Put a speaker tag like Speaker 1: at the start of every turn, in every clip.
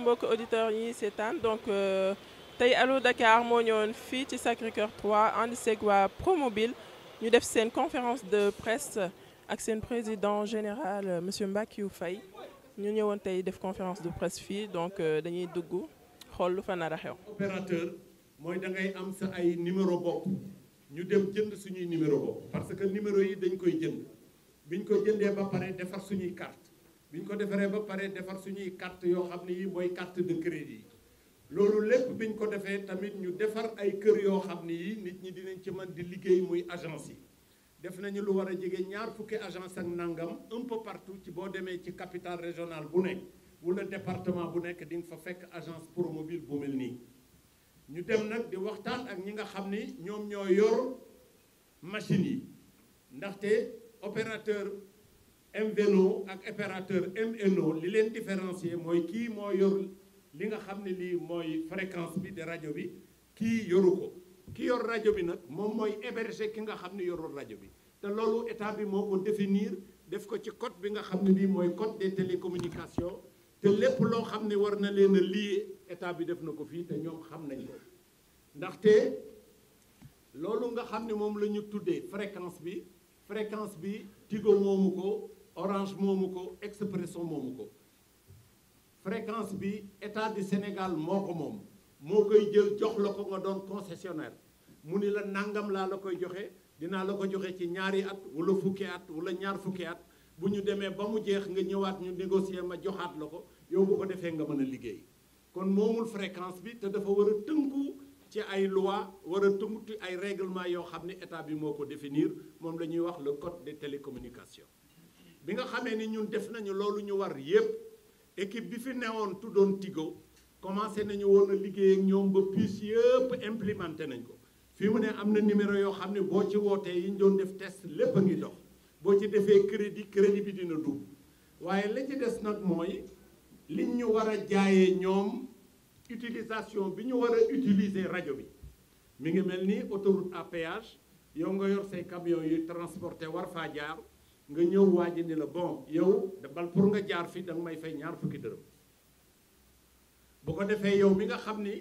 Speaker 1: mbokk auditeurs yi seetaan donc euh, tay Allo Dakar moo ñëwoon fi ci Sacré-Cœur 3 ànd pro mobile Promobile ñu def sen conférence de presse ak sen président général euh, monsieur Mbakiou Fay ñu ñëwoon tay def conférence de presse fi donc euh, dañuy dugg xol lu fa nar xew. opérateur moy da ngay am sa ay numéro bopp ñu dem jënd suñuy numéro bopp parce que numéro yi dañ koy jënd biñ ko jëndé ba pare defar suñuy carte bi ko defaree ba pare defar suñuy carte yoo xam ne yi mooy carte de crédit loolu lépp biñ ko defee tamit ñu defar ay kër yoo xam ne yi nit ñi dinañ ci mën di liggéey muy agence yi def nañu lu war a jege ñaar fukki agence ak nangam un peu partout ci boo demee ci capital régional bu nekk wala département bu nekk di fa fekk agence promobile bu mel nii ñu dem nag di waxtaan ak ñi nga xam ni ñoom ñoo yor machine yi ndaxte opérateur MVNO ak opérateur MNO li leen différencier mooy kii moo yor li nga xam ne lii mooy fréquence bi de rajo bi kii yoru ko ki yor rajo bi nag moom mooy héberger ki nga xam ne yorul rajo bi te loolu état bi moo ko définir def ko ci code bi nga xam ne lii mooy code des télécommunications te lépp loo xam ne war na leen a lié état bi def na ko fii te ñoom xam nañ ko ndaxte loolu nga xam ne moom la ñu tuddee fréquence bi fréquence bi Tigo moomu ko orange momuko Expression momuko fréquence bi état du Sénégal Moko mom mokay jël jox lako nga concessionnaire mu la nangam la koy joxe dina lako ko joxe ci ñaari at wala fukki at wala ñaar fukki at buñu démé ba mu jeex nga ñëwaat ñu négocier ma joxaat lako yow bu ko défé nga mëna kon momul fréquence bi te dafa tungu a tënku ci ay loi war a tënku ay règlement yo xamni état bi moko définir mom lañuy wax le code des télécommunications bi nga xamee ni ñun def nañu loolu ñu war yépp équipe bi fi newoon tuddoon Tigo commencé nañu woon a liggéey ak ñoom ba puce yëpp implémenté nañ ko fii mu ne am na numéro yoo xam ne boo ci wootee yi ñu doon def test lépp a ngi dox boo ci defee crédit crédit bi dina dugg waaye la ci des nag mooy li ñu war a jaayee ñoom utilisation bi ñu war a utiliser rajo bi mu ngi mel ni autoroute à yow nga yor say camion yu transporté war faa jaar nga ñëw waaj ni la bon yow bal pour nga jaar fi da may fay ñaar fukki dërëm bu ko defee yow mi nga xam ni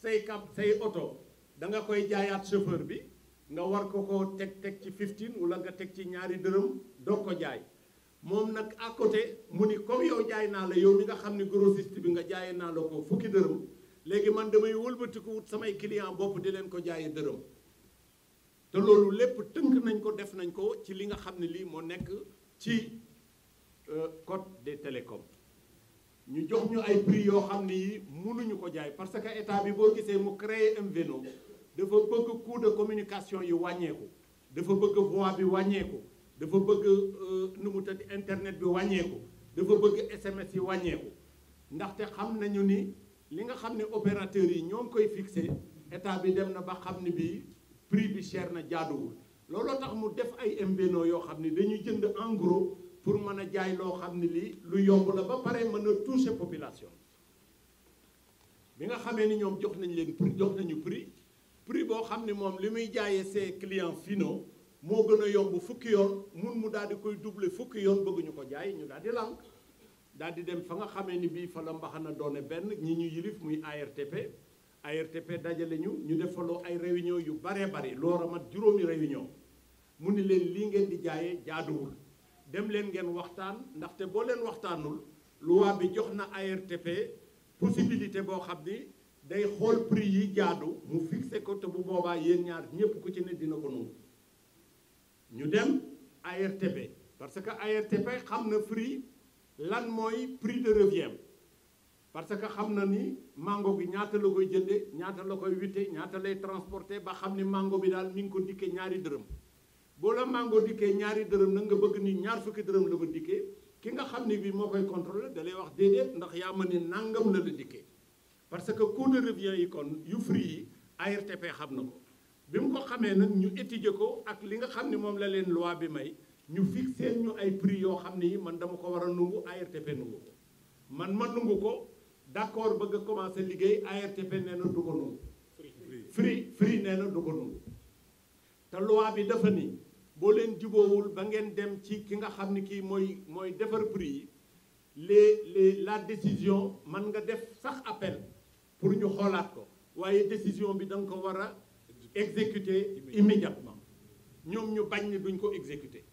Speaker 1: say cab say oto danga koy jaayaat chauffeur bi nga war ko ko teg teg ci 15 wala nga teg ci ñaari dërëm doo ko jaay moom nag à côté mu ni comme yow jaay naa la yow mi nga xam ni grossiste bi nga jaayee naa la ko fukki dërëm léegi man damay wëlbatiku wut samay client bopp di leen ko jaayee dërëm te loolu lépp tënk nañ ko def nañ ko ci li nga xam ne lii moo nekk ci euh, code des télécom ñu jox ñu ay prix yoo xam ne yi mënuñu ko jaay parce que état bi boo gisee mu créer un MVNO dafa bëgg coût de communication yi wàññeeku dafa bëgg voix bi wàññeeku dafa bëgg euh, nu mu tëdd internet bi wàññeeku dafa bëgg SMS yi wàññeeku ndaxte xam nañu ni li nga xam ne opérateurs yi ñoom koy fixé état bi dem na ba xam ne bii prix bi cher na jaaduwul looloo tax mu def ay MVNO yoo xam ni dañuy jënd en pour mën a jaay loo xam ne lii lu yomb la ba pare mën a toucher population bi nga xamee ni ñoom jox nañ leen prix jox nañu prix prix boo xam ne moom li muy jaayee ses clients finaux moo gën a yomb fukki yoon mun mu daal di koy duble fukki yoon bëgguñu ko jaay ñu daal di lànk daal di dem fa nga xamee ni bii fa la mbaxana doone benn ñi ñu yilif muy ARTP ARTP dajale ñu ñu defaloo ay réunion yu baree bari loora mat juróomi réunion mu ni leen lii ngeen di jaayee jaaduwul dem leen ngeen waxtaan ndaxte boo leen waxtaanul loi bi jox na ARTP possibilité boo xam ni day xool prix yi jaadu mu fixé ko te bu boobaa yéen ñaar ñépp ku ci ne dina ko nangu ñu dem ARTP parce que ARTP xam na prix lan mooy prix de revient parce que xam na ni mango bi ñaata la koy jënde ñaata la koy witte ñaata lay transporter ba xam ni mango bi daal mi ngi ko dikkee ñaari dërëm boo la mango dikkee ñaari dërëm nag nga bëgg ni ñaar fukki dërëm la ko dikkee ki nga xam ni bii moo koy contrôler da lay wax déedéet ndax yaa ma ne nangam la la dikkee parce que coût de yi kon yu Free yi ARTP xam na ko bi mu ko xamee nag ñu étudier ko ak li nga xam ni moom la leen loi bi may ñu fixé ñu ay prix yoo xam ni man dama ko war a nungu ARTP nungu ko man ma nungu ko. d'accord bëgg commencé commencer liggéey ARTP nee na du ko nangu free free nee na du ko nangu te loi bi dafa ni boo leen juboowul ba ngeen dem ci ki nga xam ni kii mooy mooy defar prix yi les les la décision man nga def sax appel pour ñu xoolaat ko waaye décision bi da nga ko war a exécuter immédiatement ñoom ñu bañ ni duñ ko exécuter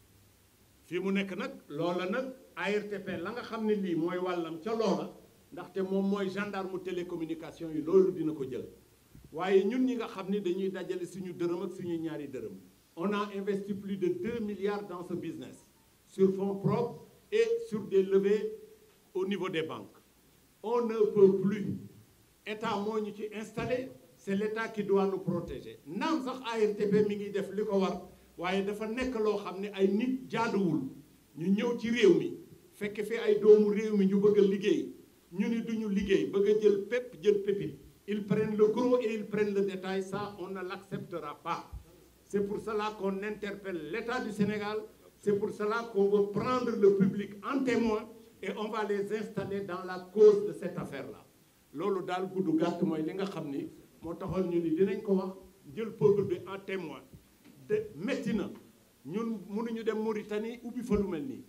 Speaker 1: fii mu nekk nag loola nag ARTP la nga xam ne lii mooy wàllam ca loola ndaxte moom mooy gendarme télécommunication yi loolu dina ko jël waaye ñun ñi nga xam ni dañuy dajale suñu dërëm ak suñu ñaari dërëm on a investi plus de 2 milliards dans ce business sur fonds propres et sur des levées au niveau des banques on ne peut plus état moo ñu ci installé c'est l'état qui doit nous protéger naam sax ARTP mi ngi def li ko war waaye dafa nekk loo xam ne ay nit jaaduwul ñu ñëw ci réew mi fekk fi ay doomu réew mi ñu bëgg a liggéey ñu ne duñu liggéey bëgg jël pépp jël ils prennent le gros et ils prennent le détail ça on ne l'acceptera pas c'est pour cela qu'on interpelle l'État du Sénégal c'est pour cela qu'on veut prendre le public en témoin et on va les installer dans la cause de cette affaire-là Lolo dal gudd gatt moy li nga xamni mo moo le ñu ni dinañ ko wax jël peuple bi en témoin de metti na ñun ñu dem Mauritanie ubbi fa lu melni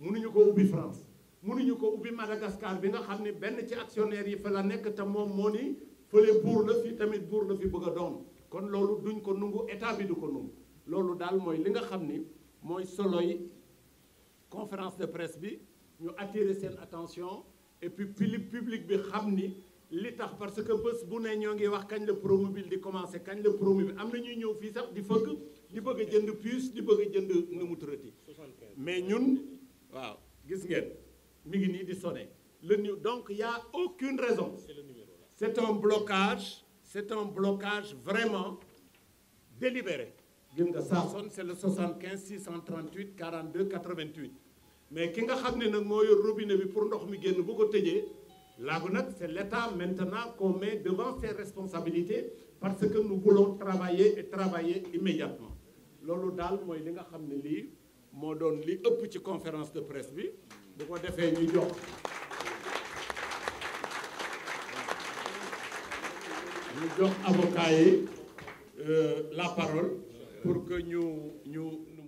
Speaker 1: mënu ñu ko ubbi France mënuñu ko ubbi Madagascar bi nga xamné ne benn ci actionnaire yi fa la nek ta mom mo ni fële buur la fi tamit bour la fi bëgg doon kon loolu duñ ko nungu état bi du ko nungu loolu dal moy li nga xamné moy mooy conférence de presse bi ñu attirer sen attention et puis public bi xam li tax parce que bés bu ne ñoo ngi wax kañ le promo bi di commencé kañ le promo am na ñëw sax di fëgg di bëgg jënd puce di bëgg jënd nu mu turati mais ñun waaw gis ngeen donc, il n'y a aucune raison c'est un blocage c'est un blocage vraiment délibéré c'est le 75 638 42 88 mais ki nga pour c'est l'État maintenant qu'on met devant ses responsabilités parce que nous voulons travailler et travailler immédiatement C'est Dal que li conférence de presse bu ko defee ñu jox ñu jox avocat yi la parole pour que ñu ñu